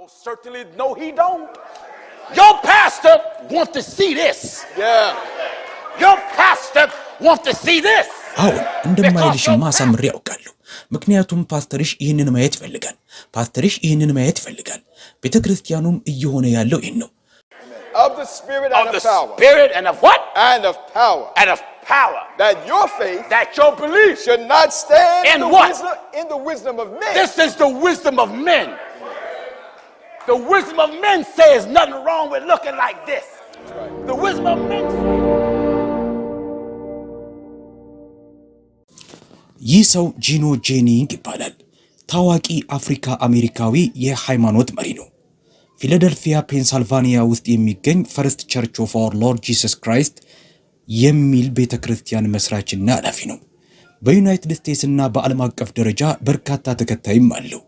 Most certainly, no, he don't. Your pastor wants to see this. Yeah. Your pastor wants to see this. አዎ እንደማይልሽማ አሳምሬ ያውቃለሁ። ምክንያቱም ፓስተርሽ ይህንን ማየት ይፈልጋል። ፓስተርሽ ይህንን ማየት ይፈልጋል። ቤተ ክርስቲያኑም እየሆነ ያለው ይህን ነው። ኦፍ ሜን The wisdom of men says nothing wrong with looking like this. The wisdom of men. ይህ ሰው ጂኖ ጄኒንግ ይባላል። ታዋቂ አፍሪካ አሜሪካዊ የሃይማኖት መሪ ነው። ፊላደልፊያ ፔንሳልቫኒያ ውስጥ የሚገኝ ፈርስት ቸርች ኦፍ አወር ሎርድ ጂሰስ ክራይስት የሚል ቤተ ክርስቲያን መስራችና ኃላፊ ነው። በዩናይትድ ስቴትስ እና በዓለም አቀፍ ደረጃ በርካታ ተከታይም አለው።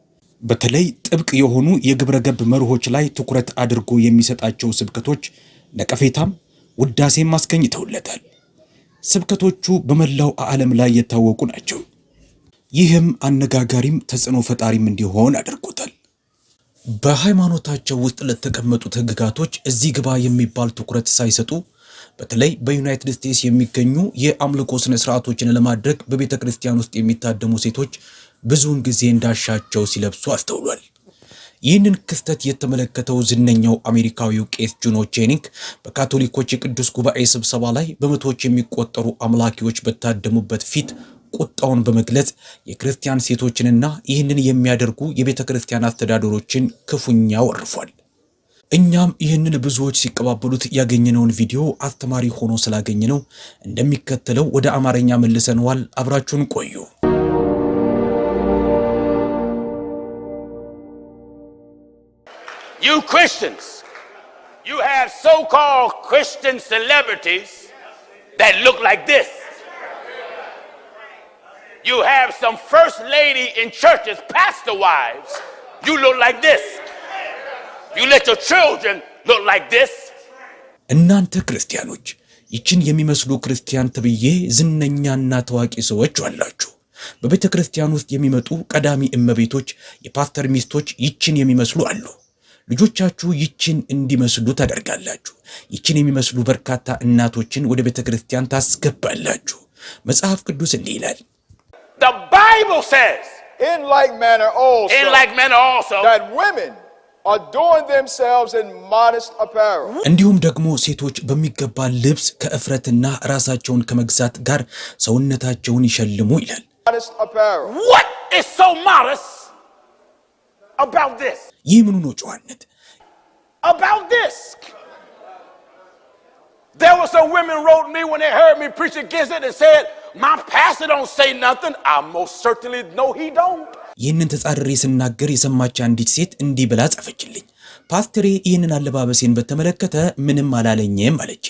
በተለይ ጥብቅ የሆኑ የግብረ ገብ መርሆች ላይ ትኩረት አድርጎ የሚሰጣቸው ስብከቶች ነቀፌታም ውዳሴም አስገኝተውለታል። ስብከቶቹ በመላው ዓለም ላይ የታወቁ ናቸው። ይህም አነጋጋሪም ተጽዕኖ ፈጣሪም እንዲሆን አድርጎታል። በሃይማኖታቸው ውስጥ ለተቀመጡት ሕግጋቶች እዚህ ግባ የሚባል ትኩረት ሳይሰጡ በተለይ በዩናይትድ ስቴትስ የሚገኙ የአምልኮ ስነ ስርዓቶችን ለማድረግ በቤተ ክርስቲያን ውስጥ የሚታደሙ ሴቶች ብዙውን ጊዜ እንዳሻቸው ሲለብሱ አስተውሏል። ይህንን ክስተት የተመለከተው ዝነኛው አሜሪካዊው ቄስ ጁኖ ቼኒንግ በካቶሊኮች የቅዱስ ጉባኤ ስብሰባ ላይ በመቶዎች የሚቆጠሩ አምላኪዎች በታደሙበት ፊት ቁጣውን በመግለጽ የክርስቲያን ሴቶችንና ይህንን የሚያደርጉ የቤተ ክርስቲያን አስተዳደሮችን ክፉኛ ወርፏል። እኛም ይህንን ብዙዎች ሲቀባበሉት ያገኘነውን ቪዲዮ አስተማሪ ሆኖ ስላገኘነው እንደሚከተለው ወደ አማርኛ መልሰነዋል። አብራችሁን ቆዩ። You Christians, you have so called Christian celebrities that look like this. You have some first lady in churches, pastor wives, you look like this. You let your children look like this. እናንተ ክርስቲያኖች ይችን የሚመስሉ ክርስቲያን ተብዬ ዝነኛና ታዋቂ ሰዎች አላችሁ። በቤተ ክርስቲያን ውስጥ የሚመጡ ቀዳሚ እመቤቶች፣ የፓስተር ሚስቶች ይችን የሚመስሉ አሉ። ልጆቻችሁ ይችን እንዲመስሉ ታደርጋላችሁ። ይችን የሚመስሉ በርካታ እናቶችን ወደ ቤተ ክርስቲያን ታስገባላችሁ። መጽሐፍ ቅዱስ እንዲህ ይላል እንዲሁም ደግሞ ሴቶች በሚገባ ልብስ ከእፍረትና ራሳቸውን ከመግዛት ጋር ሰውነታቸውን ይሸልሙ ይላል። ይህ ምኑ ነው ጨዋነት? ይህንን ተጻርሬ ስናገር የሰማች አንዲት ሴት እንዲህ ብላ ጻፈችልኝ። ፓስተሬ ይህንን አለባበሴን በተመለከተ ምንም አላለኝም አለች።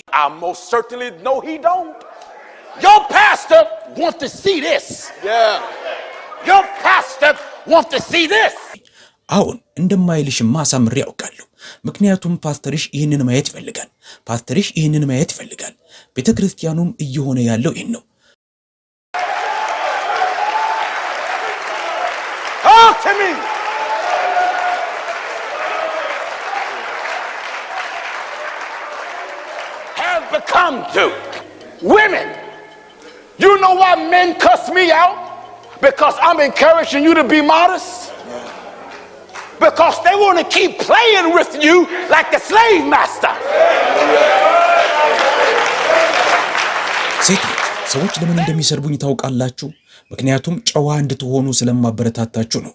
አሁን እንደማይልሽማ አሳምሬ ያውቃለሁ። ምክንያቱም ፓስተርሽ ይህንን ማየት ይፈልጋል። ፓስተርሽ ይህንን ማየት ይፈልጋል። ቤተ ክርስቲያኑም እየሆነ ያለው ይህን ነው። You know why men cuss me out? Because I'm encouraging you to be modest. because they want to keep playing with you like the slave master. ሴቶች ሰዎች ለምን እንደሚሰድቡኝ ታውቃላችሁ? ምክንያቱም ጨዋ እንድትሆኑ ስለማበረታታችሁ ነው።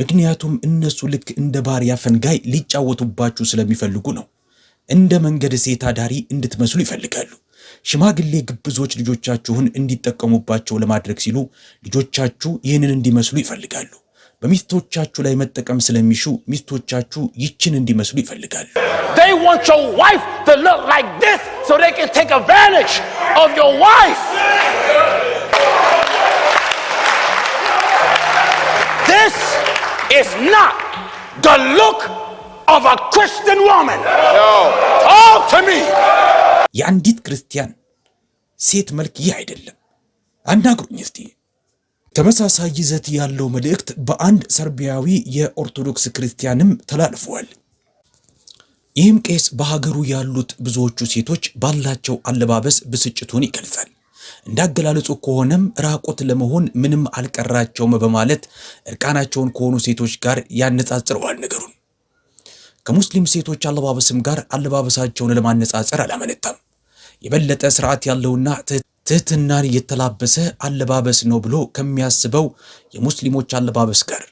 ምክንያቱም እነሱ ልክ እንደ ባሪያ ፈንጋይ ሊጫወቱባችሁ ስለሚፈልጉ ነው። እንደ መንገድ ሴት አዳሪ እንድትመስሉ ይፈልጋሉ። ሽማግሌ ግብዞች ልጆቻችሁን እንዲጠቀሙባቸው ለማድረግ ሲሉ ልጆቻችሁ ይህንን እንዲመስሉ ይፈልጋሉ። በሚስቶቻችሁ ላይ መጠቀም ስለሚሹ ሚስቶቻችሁ ይችን እንዲመስሉ ይፈልጋሉ። የአንዲት ክርስቲያን ሴት መልክ ይህ አይደለም። አናግሩኝ እስቲ። ተመሳሳይ ይዘት ያለው መልእክት በአንድ ሰርቢያዊ የኦርቶዶክስ ክርስቲያንም ተላልፏል። ይህም ቄስ በሀገሩ ያሉት ብዙዎቹ ሴቶች ባላቸው አለባበስ ብስጭቱን ይገልጻል። እንዳገላለጹ ከሆነም ራቆት ለመሆን ምንም አልቀራቸውም በማለት እርቃናቸውን ከሆኑ ሴቶች ጋር ያነጻጽረዋል ነገሩን። ከሙስሊም ሴቶች አለባበስም ጋር አለባበሳቸውን ለማነጻጸር አላመነታም። የበለጠ ስርዓት ያለውና ትህትናን የተላበሰ አለባበስ ነው ብሎ ከሚያስበው የሙስሊሞች አለባበስ ጋር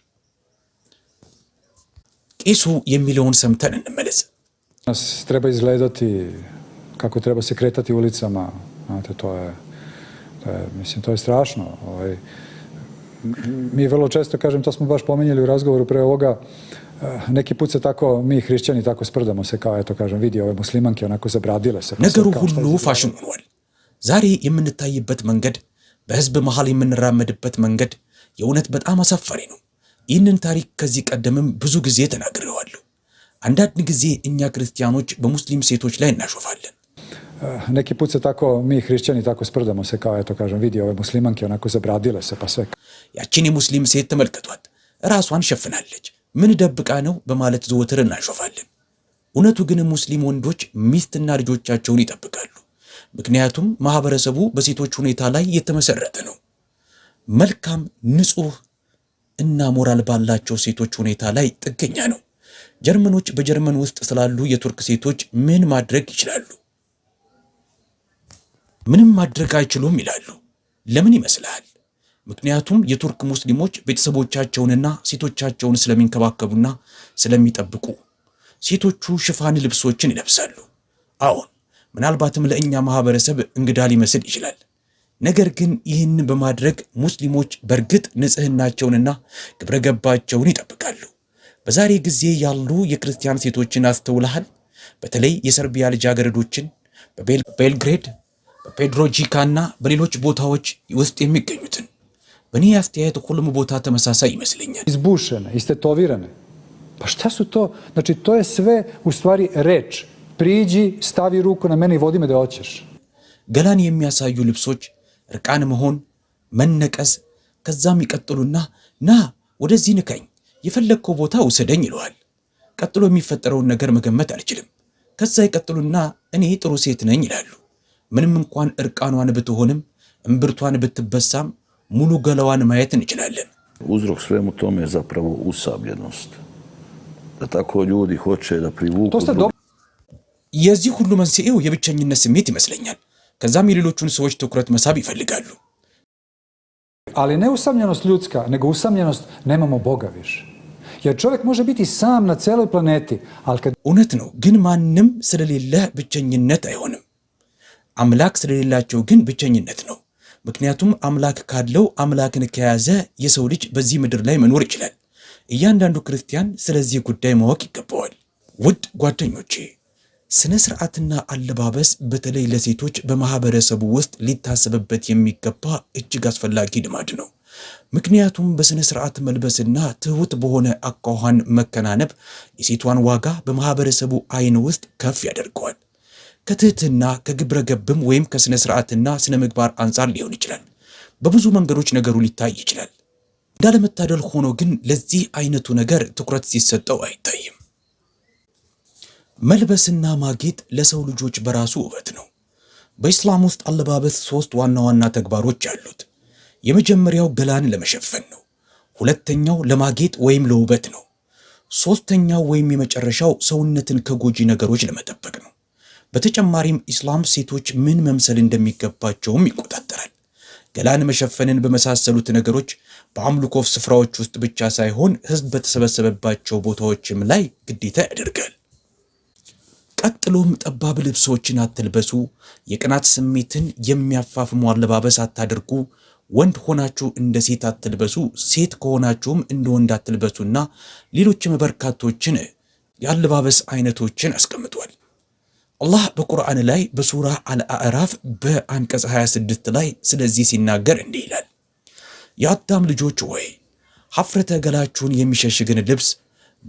ቄሱ የሚለውን ሰምተን እንመለስ። treba izgledati kako treba se kretati ulicama, znate, to je, to je, mislim, to je strašno. Ovaj, mi vrlo često, kažem, to smo baš pomenjali u razgovoru pre ovoga, neki put se tako, mi hrišćani tako sprdamo se kao, eto kažem, vidi ove muslimanke onako zabradile se. ነገሩ ሁሉ ፋሽን ሆኗል። ዛሬ የምንታይበት መንገድ፣ በህዝብ መሃል የምንራመድበት መንገድ የእውነት በጣም አሳፋሪ ነው። ይህንን ታሪክ ከዚህ ቀደምም ብዙ ጊዜ ተናግሬዋለሁ። አንዳንድ ጊዜ እኛ ክርስቲያኖች በሙስሊም ሴቶች ላይ እናሾፋለን። ነኪ ፑት ታኮ ሚ ክርስቲያን ታኮ tako sprdamo se kao eto kažem ያቺን የሙስሊም ሴት ተመልከቷት ራሷን ሸፍናለች ምን ደብቃ ነው በማለት ዘወትር እናሾፋለን እውነቱ ግን ሙስሊም ወንዶች ሚስትና ልጆቻቸውን ይጠብቃሉ ምክንያቱም ማህበረሰቡ በሴቶች ሁኔታ ላይ የተመሰረተ ነው። መልካም፣ ንጹህ እና ሞራል ባላቸው ሴቶች ሁኔታ ላይ ጥገኛ ነው። ጀርመኖች በጀርመን ውስጥ ስላሉ የቱርክ ሴቶች ምን ማድረግ ይችላሉ? ምንም ማድረግ አይችሉም ይላሉ። ለምን ይመስላል? ምክንያቱም የቱርክ ሙስሊሞች ቤተሰቦቻቸውንና ሴቶቻቸውን ስለሚንከባከቡና ስለሚጠብቁ ሴቶቹ ሽፋን ልብሶችን ይለብሳሉ። አዎን ምናልባትም ለእኛ ማህበረሰብ እንግዳ ሊመስል ይችላል። ነገር ግን ይህን በማድረግ ሙስሊሞች በእርግጥ ንጽህናቸውንና ግብረ ገባቸውን ይጠብቃሉ። በዛሬ ጊዜ ያሉ የክርስቲያን ሴቶችን አስተውልሃል? በተለይ የሰርቢያ ልጃገረዶችን በቤልግሬድ በፔድሮጂካና በሌሎች ቦታዎች ውስጥ የሚገኙትን በእኔ አስተያየት ሁሉም ቦታ ተመሳሳይ ይመስለኛል። ኢዝቡሸነ ኢስተቶቪረነ ፓ ሽታ ቶ priđi, stavi ruku na mene vodi me da ገላን የሚያሳዩ ልብሶች እርቃን መሆን፣ መነቀስ፣ ከዛም ይቀጥሉና ና ወደዚህ ንካኝ፣ የፈለግከው ቦታ ውሰደኝ ይለዋል። ቀጥሎ የሚፈጠረውን ነገር መገመት አልችልም። ከዛ ይቀጥሉና እኔ ጥሩ ሴት ነኝ ይላሉ። ምንም እንኳን እርቃኗን ብትሆንም እምብርቷን ብትበሳም ሙሉ ገላዋን ማየት እንችላለን። uzrok svemu tome je zapravo usabljenost. Da tako ljudi hoće da privuku... የዚህ ሁሉ መንስኤው የብቸኝነት ስሜት ይመስለኛል። ከዛም የሌሎቹን ሰዎች ትኩረት መሳብ ይፈልጋሉ። Ali usamljenost ljudska, nego usamljenost nemamo Boga više. Jer čovjek može biti sam na cijeloj planeti, ali kad... እውነት ነው፣ ግን ማንም ስለሌለ ብቸኝነት አይሆንም። አምላክ ስለሌላቸው ግን ብቸኝነት ነው። ምክንያቱም አምላክ ካለው አምላክን ከያዘ የሰው ልጅ በዚህ ምድር ላይ መኖር ይችላል። እያንዳንዱ ክርስቲያን ስለዚህ ጉዳይ ማወቅ ይገባዋል። ውድ ጓደኞቼ ስነ ስርዓትና አለባበስ በተለይ ለሴቶች በማህበረሰቡ ውስጥ ሊታሰብበት የሚገባ እጅግ አስፈላጊ ልማድ ነው። ምክንያቱም በሥነ ሥርዓት መልበስና ትሑት በሆነ አኳኋን መከናነብ የሴቷን ዋጋ በማህበረሰቡ ዐይን ውስጥ ከፍ ያደርገዋል። ከትህትና ከግብረ ገብም ወይም ከስነ ስርዓትና ስነ ምግባር አንጻር ሊሆን ይችላል። በብዙ መንገዶች ነገሩ ሊታይ ይችላል። እንዳለመታደል ሆኖ ግን ለዚህ አይነቱ ነገር ትኩረት ሲሰጠው አይታይ መልበስና ማጌጥ ለሰው ልጆች በራሱ ውበት ነው። በኢስላም ውስጥ አለባበስ ሦስት ዋና ዋና ተግባሮች አሉት። የመጀመሪያው ገላን ለመሸፈን ነው። ሁለተኛው ለማጌጥ ወይም ለውበት ነው። ሦስተኛው ወይም የመጨረሻው ሰውነትን ከጎጂ ነገሮች ለመጠበቅ ነው። በተጨማሪም ኢስላም ሴቶች ምን መምሰል እንደሚገባቸውም ይቆጣጠራል። ገላን መሸፈንን በመሳሰሉት ነገሮች በአምልኮ ስፍራዎች ውስጥ ብቻ ሳይሆን ሕዝብ በተሰበሰበባቸው ቦታዎችም ላይ ግዴታ ያደርጋል። ቀጥሎም ጠባብ ልብሶችን አትልበሱ፣ የቅናት ስሜትን የሚያፋፍሙ አለባበስ አታድርጉ፣ ወንድ ሆናችሁ እንደ ሴት አትልበሱ፣ ሴት ከሆናችሁም እንደ ወንድ አትልበሱና ሌሎችም በርካቶችን የአለባበስ አይነቶችን አስቀምጧል። አላህ በቁርአን ላይ በሱራ አልአዕራፍ በአንቀጽ 26 ላይ ስለዚህ ሲናገር እንዲህ ይላል፣ የአዳም ልጆች ወይ ሐፍረተ ገላችሁን የሚሸሽግን ልብስ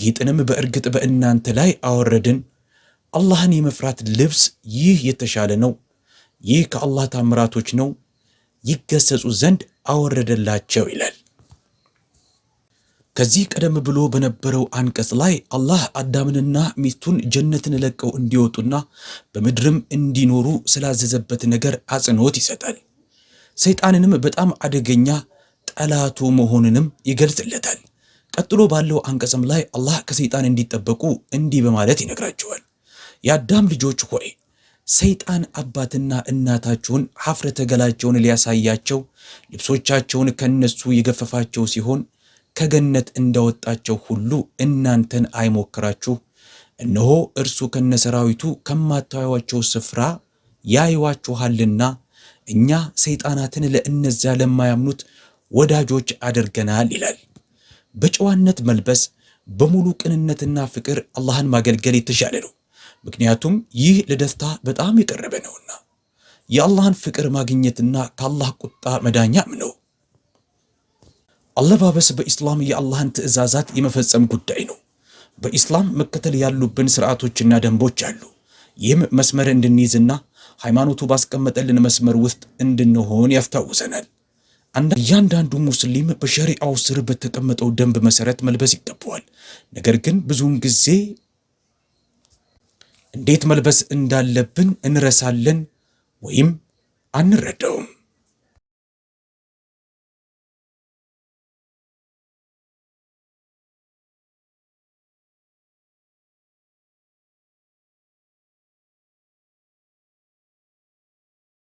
ጌጥንም በእርግጥ በእናንተ ላይ አወረድን አላህን የመፍራት ልብስ ይህ የተሻለ ነው። ይህ ከአላህ ታምራቶች ነው፣ ይገሰጹ ዘንድ አወረደላቸው ይላል። ከዚህ ቀደም ብሎ በነበረው አንቀጽ ላይ አላህ አዳምንና ሚስቱን ጀነትን ለቀው እንዲወጡና በምድርም እንዲኖሩ ስላዘዘበት ነገር አጽንኦት ይሰጣል። ሰይጣንንም በጣም አደገኛ ጠላቱ መሆኑንም ይገልጽለታል። ቀጥሎ ባለው አንቀጽም ላይ አላህ ከሰይጣን እንዲጠበቁ እንዲህ በማለት ይነግራቸዋል። የአዳም ልጆች ሆይ ሰይጣን አባትና እናታችሁን ሐፍረተ ገላቸውን ሊያሳያቸው ልብሶቻቸውን ከነሱ የገፈፋቸው ሲሆን ከገነት እንዳወጣቸው ሁሉ እናንተን አይሞክራችሁ። እነሆ እርሱ ከነሰራዊቱ ከማታዩዋቸው ስፍራ ያዩዋችኋልና እኛ ሰይጣናትን ለእነዚያ ለማያምኑት ወዳጆች አድርገናል ይላል። በጨዋነት መልበስ በሙሉ ቅንነትና ፍቅር አላህን ማገልገል የተሻለ ነው። ምክንያቱም ይህ ለደስታ በጣም የቀረበ ነውና የአላህን ፍቅር ማግኘትና ከአላህ ቁጣ መዳኛም ነው። አለባበስ በኢስላም የአላህን ትዕዛዛት የመፈጸም ጉዳይ ነው። በኢስላም መከተል ያሉብን ስርዓቶችና ደንቦች አሉ። ይህም መስመር እንድንይዝና ሃይማኖቱ ባስቀመጠልን መስመር ውስጥ እንድንሆን ያስታውሰናል። እያንዳንዱ ሙስሊም በሸሪዓው ስር በተቀመጠው ደንብ መሰረት መልበስ ይገባዋል። ነገር ግን ብዙውን ጊዜ እንዴት መልበስ እንዳለብን እንረሳለን ወይም አንረዳውም።